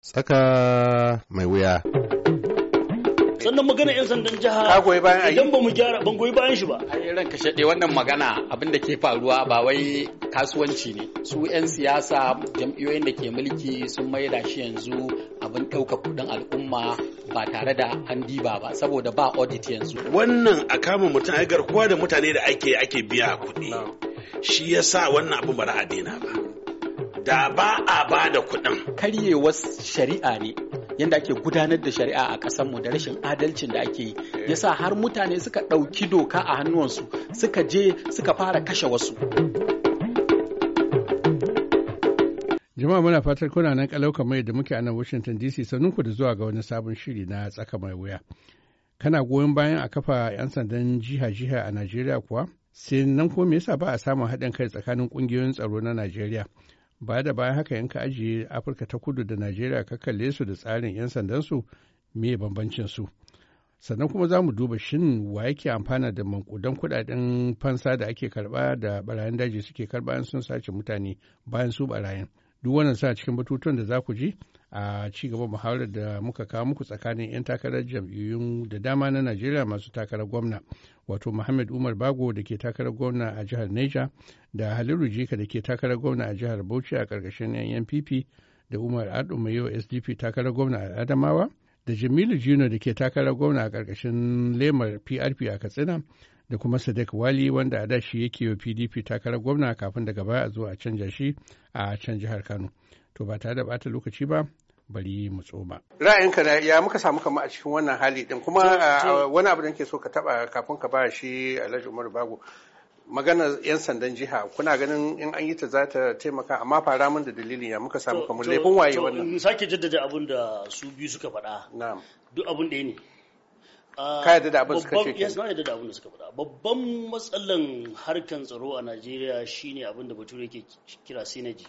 Saka mai wuya. sannan magana 'yan sandan jiha idan ba mu gyara ban goyi bayan shi ba ranka shaɗe wannan magana abin da ke faruwa ba wai kasuwanci ne su 'yan siyasa jam'iyyoyin da ke mulki sun da shi yanzu abin ɗauka kuɗin al'umma ba tare da an diba ba saboda ba audit yanzu wannan a kama mutum ai garkuwa da mutane da ake ake biya kuɗi shi yasa wannan abin ba a ba da ba a ba da kuɗin. Karyewar shari'a ne yadda ake gudanar da shari'a a ƙasarmu da rashin adalcin da ake yi eh. ya sa har mutane suka ɗauki doka a hannuwansu suka je suka fara kashe wasu. Jama'a muna fatar kuna nan kalau mai da muke a nan Washington DC sanin ku da zuwa ga wani sabon shiri na tsaka mai wuya. Kana goyon bayan a kafa 'yan sandan jiha-jiha a Najeriya kuwa? Sai nan ko me yasa ba a samun haɗin kai tsakanin ƙungiyoyin tsaro na Najeriya? ba da bayan haka ka ajiye afirka ta kudu da najeriya ka kalle su da tsarin 'yan sandan su me bambancin su sannan kuma za mu duba shin wa yake amfana da mankudan kudaden fansa da ake karba da barayin daji suke karba sun sace mutane bayan su barayin duk wannan sa cikin batutuwan da za ku ji a ci gaba muhawarar da muka kawo muku tsakanin 'yan takarar jam'iyyun da dama na najeriya masu takarar gwamna wato muhammad umar bago da ke takarar gwamna a jihar Niger da haliru jika da ke takarar gwamna a jihar bauchi a ƙarƙashin 'yan npp da umar adu mayo sdp takarar gwamna a adamawa da jamilu jino da ke takarar gwamna a ƙarƙashin lemar prp a katsina da kuma Sadiq Wali wanda a dashi yake wa PDP takarar gwamna kafin daga baya a zo a canja shi a can jihar Kano. To ba tare da bata lokaci ba bari mu tsoma. Ra'ayinka na ya muka samu kama a cikin wannan hali din kuma wani abu da nake so ka taba kafin ka ba shi Alhaji Umaru Bago. magana 'yan sandan jiha kuna ganin in an yi ta za ta taimaka amma fara min da dalili ya muka samu kamar laifin waye wannan sake jaddada abin da su biyu suka faɗa duk abin da ne ka yarda da abin suka ce babban matsalan harkan tsaro a Najeriya shine abin da bature ke kira sinaji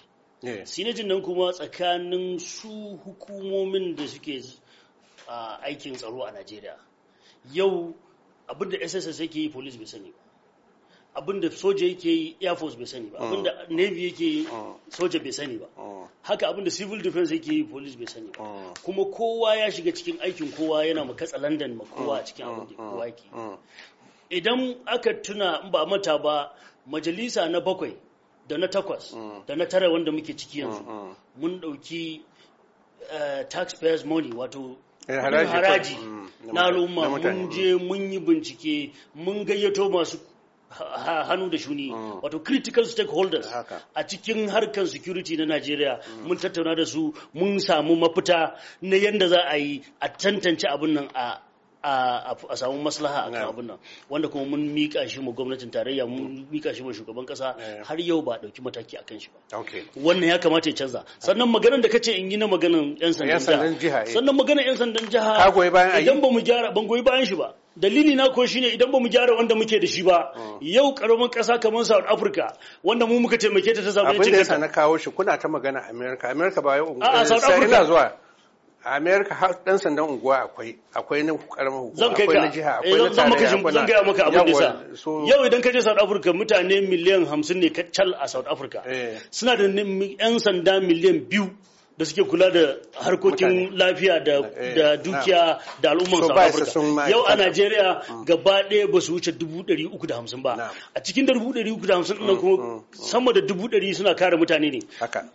sinajin nan kuma tsakanin su hukumomin da suke aikin tsaro a Najeriya yau abin da SSS yake yi police bai sani abinda soja yake yi air force bai sani ba mm. abinda navy yake yi mm. soja bai sani ba mm. haka abinda civil defense yake yi police bai sani ba kuma kowa ya shiga cikin aikin kowa yana ma tsalandan london ma kowa a cikin abin da kowa yake idan aka tuna ba mata ba majalisa na bakwai da na takwas da na tara wanda muke ciki yanzu mun dauki eh, taxpayers money wato eh, haraji na al'umma mun je mun yi bincike mun gayyato masu hannu da shuni hmm. wato critical stakeholders a cikin harkar security na Najeriya mun tattauna da su mun samu mafita na yadda za a yi a tantance abin nan a a samu maslaha a kan abin nan wanda kuma mun mika shi mu gwamnatin tarayya mun mika shi mu shugaban kasa har yau ba dauki mataki a kan shi ba wannan ya kamata ya canza sannan maganar da kace in yi na maganar yan sandan jiha eh. Eh. sannan maganar yan sandan jiha idan ba mu gyara ban goyi bayan shi ba dalili na ko shine idan ba mu gyara wanda muke da shi ba hmm. yau karamin kasa kamar South Africa wanda mu muka taimake ta ta samu yancin kasa abin da na kawo shi kuna ta magana America America ba yau a South Africa zuwa a america har dan sandan unguwa akwai akwai na karamin hukuma akwai na jiha eh, akwai na tare zan ga maka abin da yau idan ka je south africa mutane miliyan 50 ne kacal a south africa eh. suna da yan sanda miliyan biyu da suke kula da harkokin lafiya da eh, dukiya da al'ummar South Africa. Yau a Najeriya mm. gaba ɗaya ba su wuce dubu uku da hamsin ba. A cikin da dubu ɗari uku da hamsin ɗin mm, kuma mm, sama da dubu suna kare mutane ne.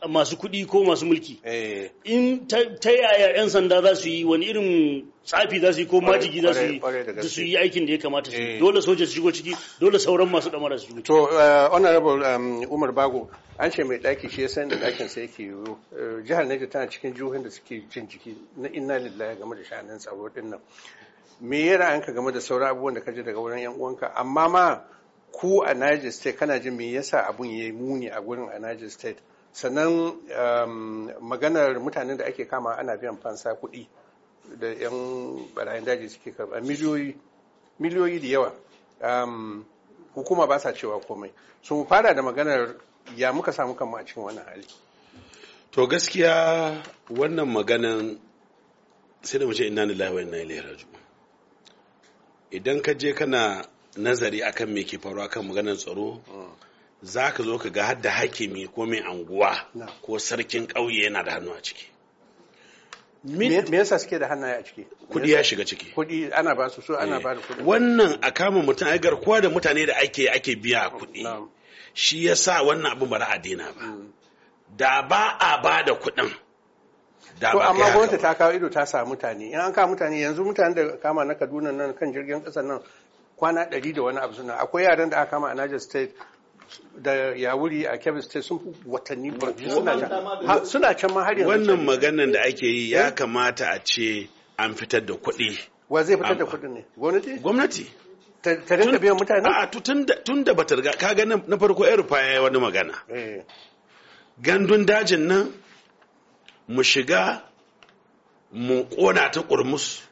Masu kuɗi ko masu mulki. Eh. In ta yaya 'yan sanda za su yi wani irin tsafi za su yi ko majigi za su yi da su yi aikin da ya kamata su yi eh. dole soja su shigo ciki dole sauran masu damara su shigo ciki. to eh, honorable um, umar bago an ce mai daki shi ya san da dakin sai yake yiwu eh, jihar Niger tana cikin jihohin da suke jin jiki na inna lillahi game da sha'anin tsaro din nan me ya ra'anka game da sauran abubuwan da ka ji daga wurin yan uwanka amma ma ku a Niger state kana jin me yasa abun yi muni a gurin a Niger state sannan um, maganar mutanen da ake kama ana biyan fansa kuɗi da 'yan barayin daji suke karba miliyoyi miliyoyi da yawa hukuma ba sa cewa komai so mu fara da maganar ya muka samu kanmu a cikin wannan hali to gaskiya wannan maganan sai da mu ce inna lillahi wa inna ilaihi raji'un idan ka je kana nazari akan me ke faruwa kan maganar tsaro mm. za ka zo ka ga hadda hakimi ko mai anguwa ko sarkin ƙauye yana da hannu a ciki me yasa suke da hannaye a ciki kudi ya shiga ciki kudi ana ba su so ana eh. ba da kudi wannan a kama mutum ai garkuwa da mutane da ake ake biya kudi shi yasa wannan abu bara a dena ba mm. da ba a ba da kudin da ba amma gwamnati ta kawo ido ta sa mutane in an kawo mutane yanzu mutane da kama na Kaduna nan kan jirgin kasar nan kwana ɗari da wani abu suna akwai yaran da aka kama a Niger State da ya wuri a Kebbi ta sun watanni suna can ma har yanzu. Wannan maganan da ake yi ya eh? kamata a ce an fitar da kuɗi. Wa zai fitar da kuɗin ne? Gwamnati? Gwamnati. Ta rinka biyan mutane? A tun da bata riga ka ga na farko ya rufa ya yi wani magana. Eh. Gandun dajin nan mu shiga mu kona ta ƙurmus.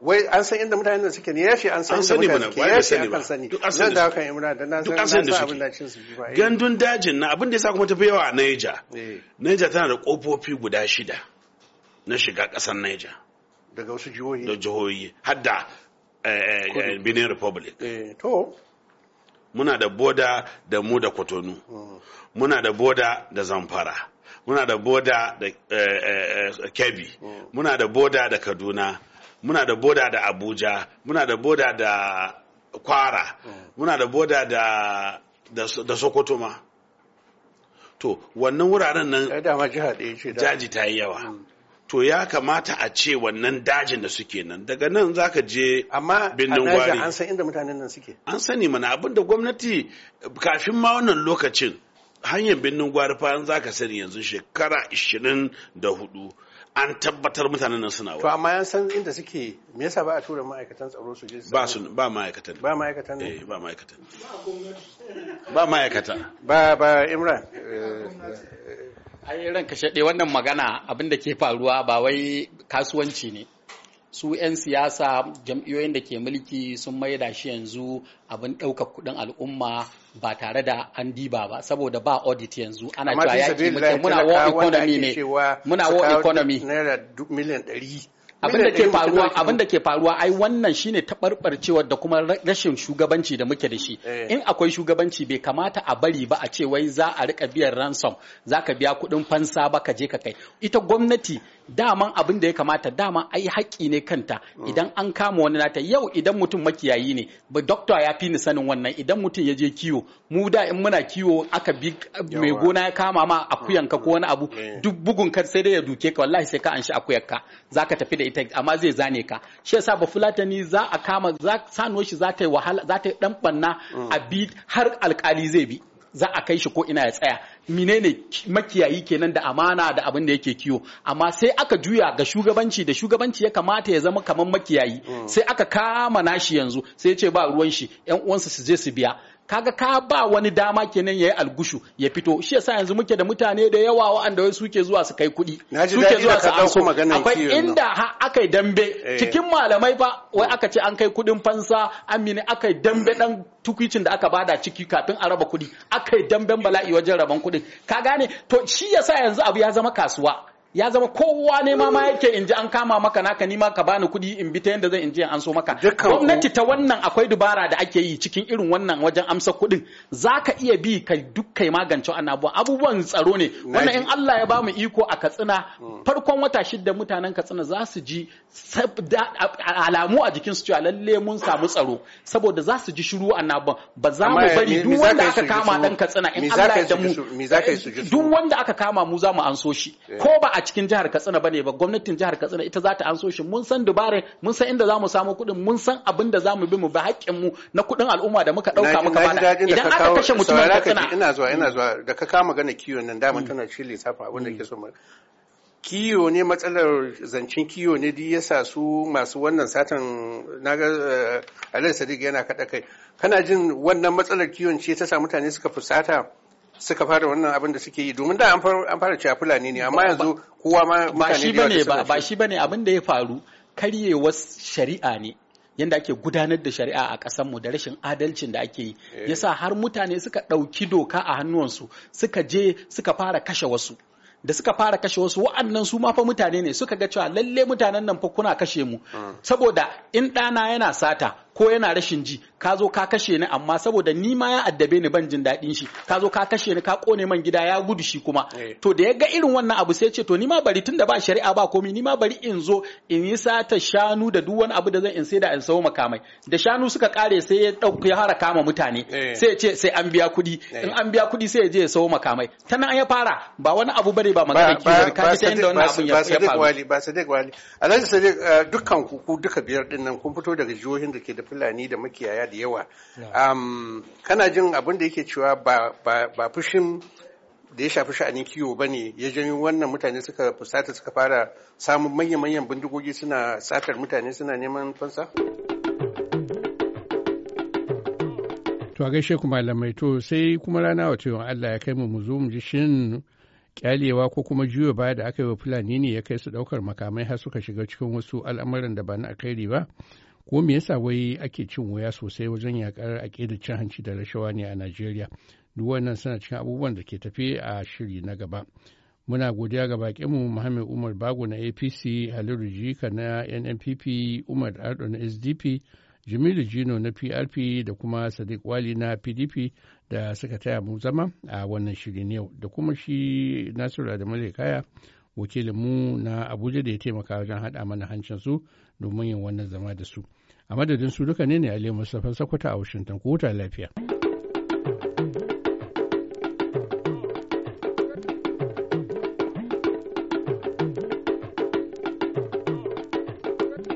wai an san inda mutanen da suke ne yafi an san da mana ba ya sani ba duk an sani da suke imran da nan san abin da cin su ba eh. gandun dajin na abin da sa kuma tafi yawa a naija. Eh. Naija tana da kofofi guda shida na shiga kasar naija. daga wasu jihohi da jihohi hadda eh, Benin Republic to muna da boda da mu da Kotonu hmm. muna da boda da Zamfara muna da boda da Kebbi hmm. muna da boda da Kaduna muna da boda da abuja muna da boda da kwara mm. muna da boda da da sokoto ma to wannan wuraren nan eh, jaji ta yi yawa mm. to ya kamata a ce wannan dajin da suke nan daga nan za ka je birnin gwari an san inda mutanen nan suke an sani mana abin da gwamnati kafin ma wannan lokacin hanyar birnin gwari fa za ka sani yanzu shekara 24 an tabbatar mutanen nan suna to amma yan san inda suke me yasa ba a tura ma'aikatan tsaro su je ba su ba ma'aikatan ba ma'aikatan ne. Eh, ba ma'aikatan ba ma'aikata ba ba Imran eh, eh, ai ran kashe wannan magana abin da ke faruwa ba wai kasuwanci ne su 'yan siyasa jam'iyoyin da ke mulki sun da shi yanzu abin ɗaukar kuɗin al'umma ba tare da an diba ba saboda ba audit yanzu ana cewa ya ce muna war economy ne muna war economy abin da ke faruwa abin da ke faruwa ai wannan shine taɓarɓarcewar da kuma rashin shugabanci da muke da shi eh. in akwai shugabanci bai kamata a bari ba a ce wai za a rika biyan ransom zaka biya kuɗin fansa ba ka je ka kai ita gwamnati daman abin da ya kamata dama ai haƙƙi ne kanta mm. idan an kama wani nata yau idan mutum makiyayi ne ba dokta ya fi ni sanin wannan idan mutum ya je kiwo mu da in muna kiwo aka bi mai gona ya kama ma akuyan ka ko mm. wani abu mm. duk bugun ka sai dai ya duke ka wallahi sai ka anshi akuyar ka zaka tafi da ita amma zai zane ka shi yasa ba fulatani za a kama za sanuwar shi za ta yi wahala za ta yi dan banna a bi har alkali zai bi za a kai shi ko ina ya tsaya menene makiyayi kenan da amana da abin da yake kiwo amma sai aka juya ga shugabanci da shugabanci ya kamata ya zama kamar makiyayi mm. sai aka kama nashi yanzu sai ya ce ba ruwan shi yan uwansa su je su biya kaga ka ba wani dama kenan yayi algushu ya fito shi yasa yanzu muke da mutane da yawa waɗanda wai suke zuwa su kai kuɗi suke zuwa su anso akwai inda ha aka dambe eh. cikin malamai fa wai aka ce an kai kuɗin fansa amini akai dambe dan tukwicin da aka bada ciki kafin a raba kuɗi akai damben bala'i wajen raban kuɗin ka gane to shi yasa yanzu abu ya zama kasuwa ya zama kowa ne ma yake in ji an kama maka naka nima ka bani kuɗi in bi ta yadda zan in ji an so maka gwamnati ta wannan akwai dubara da ake yi cikin irin wannan wajen amsa kuɗin ka iya bi ka duk kai magance wannan abubuwan tsaro ne wannan in Allah ya bamu iko a Katsina farkon wata shida mutanen Katsina za su ji alamu a jikin su cewa lalle mun samu tsaro saboda za su ji shiru annaban ba za mu bari duk wanda aka kama dan Katsina in Allah ya da mu duk wanda aka kama mu za mu anso shi ko ba a a cikin jihar Katsina bane ba gwamnatin jihar Katsina ita za ta anso shi mun san dubarin mun san inda zamu samu kuɗin mun san abin da zamu bi mu ba haƙƙin mu na kuɗin al'umma da muka dauka muka bada idan aka kashe mutumin Katsina ina zuwa ina mm. zuwa da ka kama gane kiwon nan mun mm. tana shirye safa abin da mm. ke so kiyo ne matsalar zancen kiyo ne duk yasa su masu wannan satan naga eh, Alhaji Sadiq yana kaɗa kai kana jin wannan matsalar kiyon ce ta sa mutane suka fusata suka fara wannan abin da suke yi domin da an fara cewa fulani ne amma yanzu kowa ma mutane ba shi bane ba shi bane abin da ya faru karyewar shari'a ne yadda ake gudanar da shari'a a ƙasar mu da rashin adalcin da ake yi eh. yasa har mutane suka ɗauki doka a hannuwansu suka je suka fara kashe wasu da suka fara kashe wasu wa'annan su ma fa mutane ne suka ga cewa lalle mutanen nan fa kuna kashe mu hmm. saboda in ɗana yana sata ko yana rashin ji ka zo ka kashe ni amma saboda ni ma ya addabe ni ban jin daɗin shi ka zo ka kashe ni ka kone man gida ya gudu shi kuma eh. to da ya ga irin wannan abu sai ce to ni ma bari tunda ba shari'a ba komi ni ma bari in zo in yi sata shanu da duk wani abu da zan in sai da in sawo makamai da shanu suka kare sai ya dauki ya hara kama mutane eh. sai ya ce sai an biya kuɗi eh. in an biya kuɗi sai ya je ya sawo makamai ta nan ya fara ba wani abu bane ba magana ba ka ta inda wannan abun ya faru ba sadiq wali alhaji sadiq dukkan ku duka biyar din nan kun fito daga jihohin da ke da fulani da makiyaya da yawa um, kana jin abin da yake cewa ba fushin da ya shafi sha'anin kiwo ba ne ya janyo wannan mutane suka fusata suka fara samun manya-manyan bindigogi suna satar mutane suna neman fansa? To a gaishe kuma lamai to sai kuma rana wata yawan Allah ya kai mu mu zo mu ji shin kyalewa ko kuma juyo baya da aka yi wa Fulani ne ya kai su daukar makamai har suka shiga cikin wasu al'amuran da ba na alkhairi ba ko me yasa wai ake cin wuya sosai wajen yakar aƙidar cin hanci da rashawa ne a Najeriya duk wannan suna cikin abubuwan da ke tafi a shiri na gaba muna godiya ga bakinmu Muhammad Umar Bago na APC Haliru Jika na NNPP Umar Ardo na SDP Jamilu Jino na PRP da kuma Sadiq Wali na PDP da suka taya mu zama a wannan shiri yau da kuma shi Nasiru da Kaya wakilinmu na abuja da ya taimaka wajen haɗa mana hancin su domin yin wannan zama da su a madadin su duka ne ne ali mustapha sakwata a washington ko lafiya